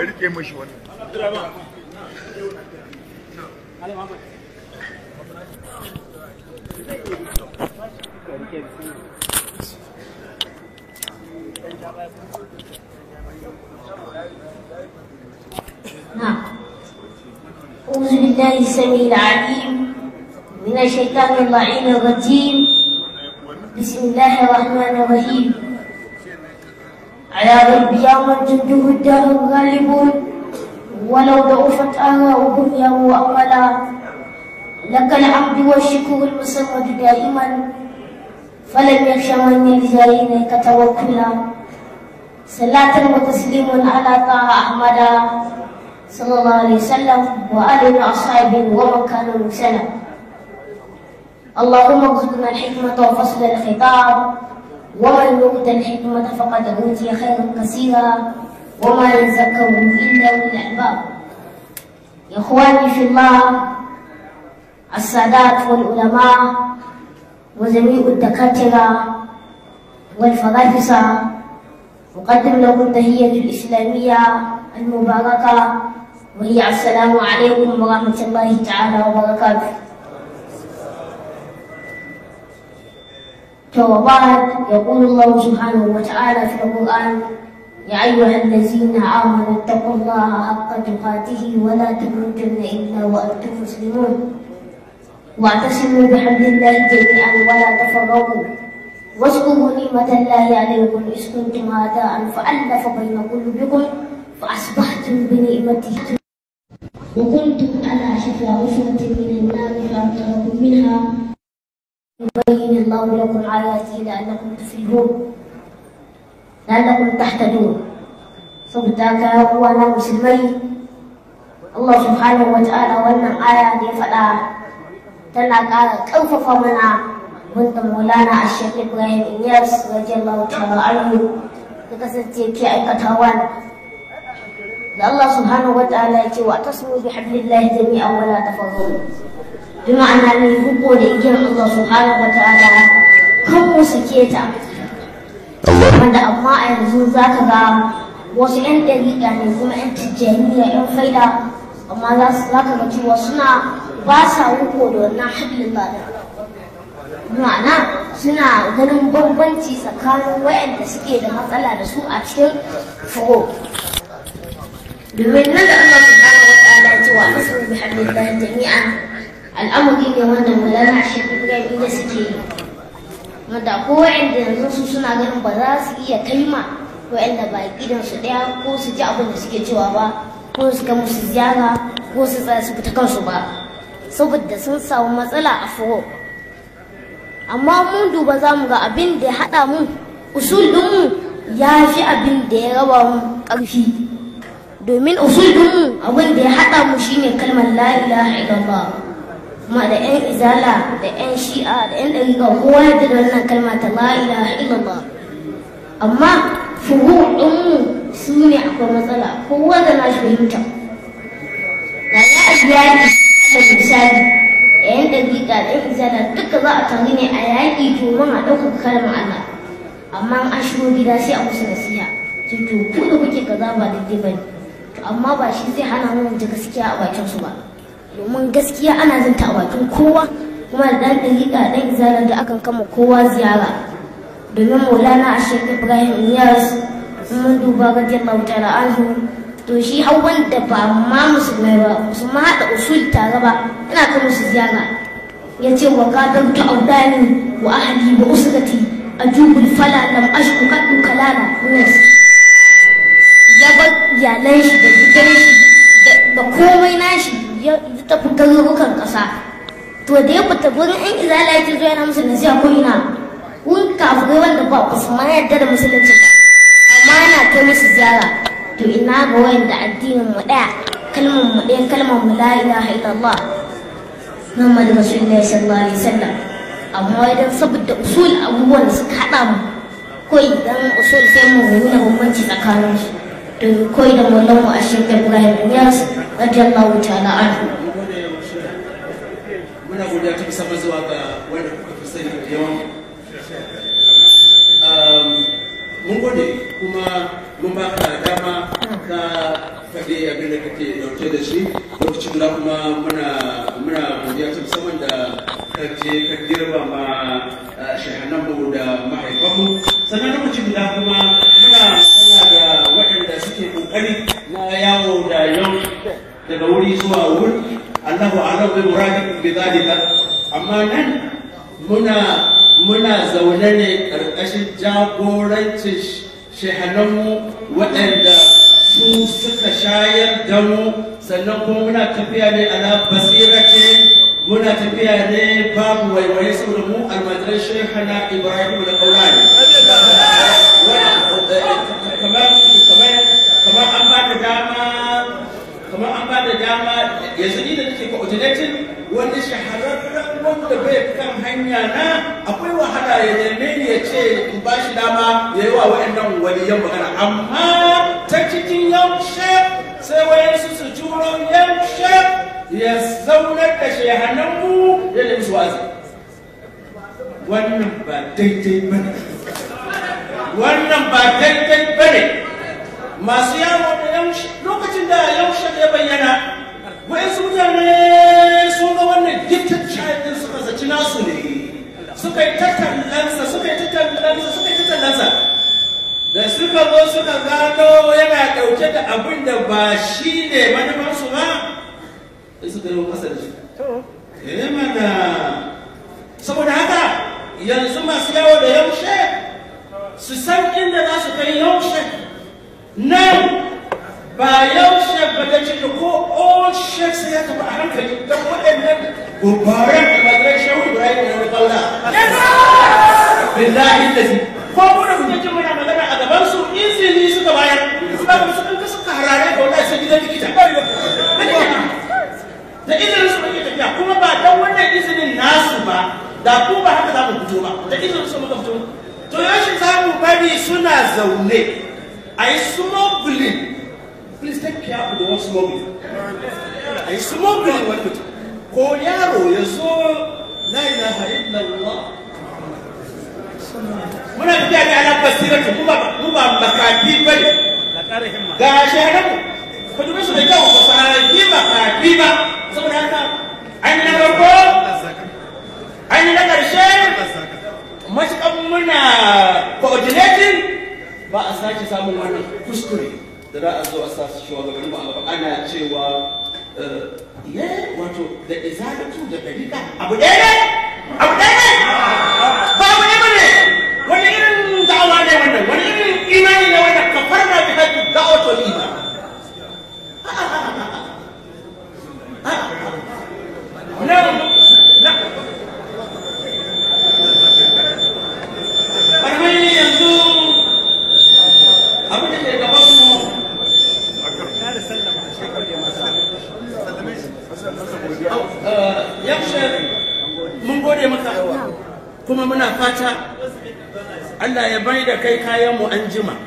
نعم أعوذ بالله السميع العليم من الشيطان اللعين الرجيم بسم الله الرحمن الرحيم على ربي يوم تنده الدار الغالبون ولو ضعفت آراء آه، دنيا وأملا لك الحمد والشكر المسرد دائما فلن يخشى من يلجا توكلا صلاة وتسليم على طه أحمد صلى الله عليه وسلم وآل أصحابه ومن كانوا مسلم اللهم ارزقنا الحكمة وفصل الخطاب ومن يؤت الحكمة فقد أوتي خيرا كثيرا وما يذكر إلا الأحباب إخواني في الله السادات والعلماء وجميع الدكاترة والفلاسفة أقدم لكم التحية الإسلامية المباركة وهي السلام عليكم ورحمة الله تعالى وبركاته فوضعها يقول الله سبحانه وتعالى في القرآن يا أيها الذين آمنوا اتقوا الله حق تقاته ولا تموتن إلا وأنتم مسلمون واعتصموا بحمد الله جميعا ولا تفرقوا واذكروا نعمة الله عليكم إذ كنتم أعداء فألف بين قلوبكم فأصبحتم بنعمته وكنتم على شفا غفرة من النار فأنقذكم منها يبين الله لكم آياته لعلكم تفلحون لأنكم تحتدون ثم تهتدون هو وانا مسلمي الله سبحانه وتعالى وانا آية دي فلا تنا كوفف فمنا بنت مولانا الشيخ إبراهيم إنياس رضي الله تعالى عنه كسرتي كي أكتوان الله سبحانه وتعالى يتي واعتصموا بحبل الله جميعا ولا تفرقوا bi ma'ana mai riko da igiyar Allah subhanahu wa ta'ala kan mu sake ta wanda amma a yanzu za ka ga wasu 'yan ɗariƙa ne kuma 'yan tijjaniya 'yan faida amma za ka ga cewa suna ba sa riko da wannan ba da. ma'ana suna ganin bambanci tsakanin wayanda suke da matsala da su a cikin fago. domin nan da Allah subhanahu wa ta'ala ya ce wa asmi bihamdillahi jami'an al'amari ne wanda mulana shi ibrahim da suke yi wanda ko da yanzu su suna ganin ba za su iya kalma wa'anda ba gidan ɗaya ko su ji abin da suke cewa ba ko su ga musu ziyara ko su tsaya su fita kansu ba saboda sun samu matsala a furo amma mun duba za mu ga abin da ya haɗa mu usul ya fi abin da ya raba mu ƙarfi domin usul ɗinmu abin da ya haɗa mu shine kalmar la ilaha illallah kuma da yan izala da yan shi'a da yan ɗariƙa kowa ya da wannan kalma ta la ila ba, amma fuhu ɗinmu su ne akwai matsala kowa da na shi fahimta da za a biya da misali da yan ɗariƙa da yan izala duka za a taru ne a yaƙi domin a ɗaukar kalma Allah amma an shigo gida sai a kusa nasiha tuntun ku da kuke kaza ba daidai ba ne amma ba shi zai hana mu gaskiya a bakin su ba domin gaskiya ana zin ta bakin kowa kuma da ɗan ɗariƙa dan zanen da akan kama kowa ziyara domin maulana a shek ibrahim iyas mun duba gajiyar mautar azu to shi har wanda ba ma musulmai ba su ma haɗa usul tare ba ina kama su ziyara ya ce wa kadar ta audani wa ahali wa a jubul fala lam ashku kaddu kalana yes ya bar iyalan shi da gidan shi da komai shi. ya tafi garurukan ƙasa to da ya fita wurin ɗan izala yake zuwa yana musu nasiha ko ina wurin kafirai wanda ba ku su ma yarda da musulunci ba amma yana kai musu ziyara to ina ga wayan da addinin mu ɗaya kalmar mu ɗaya kalmar mu la ilaha illallah Muhammad Rasulullahi sallallahu alaihi wasallam amma wai dan saboda usul abubuwan da suka haɗa mu ko idan usul sai mu nuna bambanci tsakaninsu daga koyi da mallan mu a shekar Ibrahim Niyas radiyallahu ta'ala anhu muna godiya ta musamman zuwa ga wanda kuka fi sani da yawan mun gode kuma mun ba ka dama ka faɗi abin da kake dauke da shi lokacin da kuma muna muna godiya ta musamman da kake ka girma ma shahanan mu da mahaifanmu sannan lokacin da kuma wuri zuwa Allahu a'lam bi bi amma nan muna muna zaune ne karkashin jagorancin shehananmu waɗanda su suka shayar da mu sannan kuma muna tafiya ne ala ce muna tafiya ne babu waiwaye saboda mu almajiran shehana Ibrahim da yanzu ni da nake coordinating wani shahararren wanda bai kan hanya na akwai wahala ya neme ni ya ce in ba shi dama ya yi wa wa'annan waliyan magana amma ta cikin yaushe sai wayar su su juro yaushe ya zaunar da mu ya nemi su wazi wannan ba daidai ba ne wannan ba daidai ba ne masu yawo da yaushe lokacin da yaushe ya bayyana wai su mutane sun ga wannan gifted child din suka zaci nasu ne suka yi ta kallansa suka yi ta kallansa suka yi ta kallansa da suka zo suka gano yana ɗauke da abin da ba shi ne manufarsu ba sai suka yi masa da shi eh mana saboda haka yanzu masu yawo da yaushe su san inda za su kai yaushe nan ba yaushe. wannan ko all sheksa ya tafi a hankali da waɗannan gubbaran da maganar shehu ibrahim da wani kauna billahi lazi ko kuna kuke jin muna magana a gaban su izini suka bayar ba su kanka suka harare ga wani sai gidan likita da izinin su muke tafiya kuma ba don wannan izinin nasu ba da ku ba haka za mu fito ba da izinin su muka fito to yaushe za mu bari suna zaune a yi smuggling ko smuggling a yi smuggling wani mutum ko yaro ya zo muna tafiya ne mu ba ba ga su da kyau ba ba saboda haka an yi na farko an yi na ƙarshe muna coordinating ba a sake samun wannan kuskure da za a zo a sa su shugabannin mu ana cewa eh, ye wato da izalatu da dalika abu ɗaya abu ɗaya kuma muna fata Allah ya bai da kai kayan mu an jima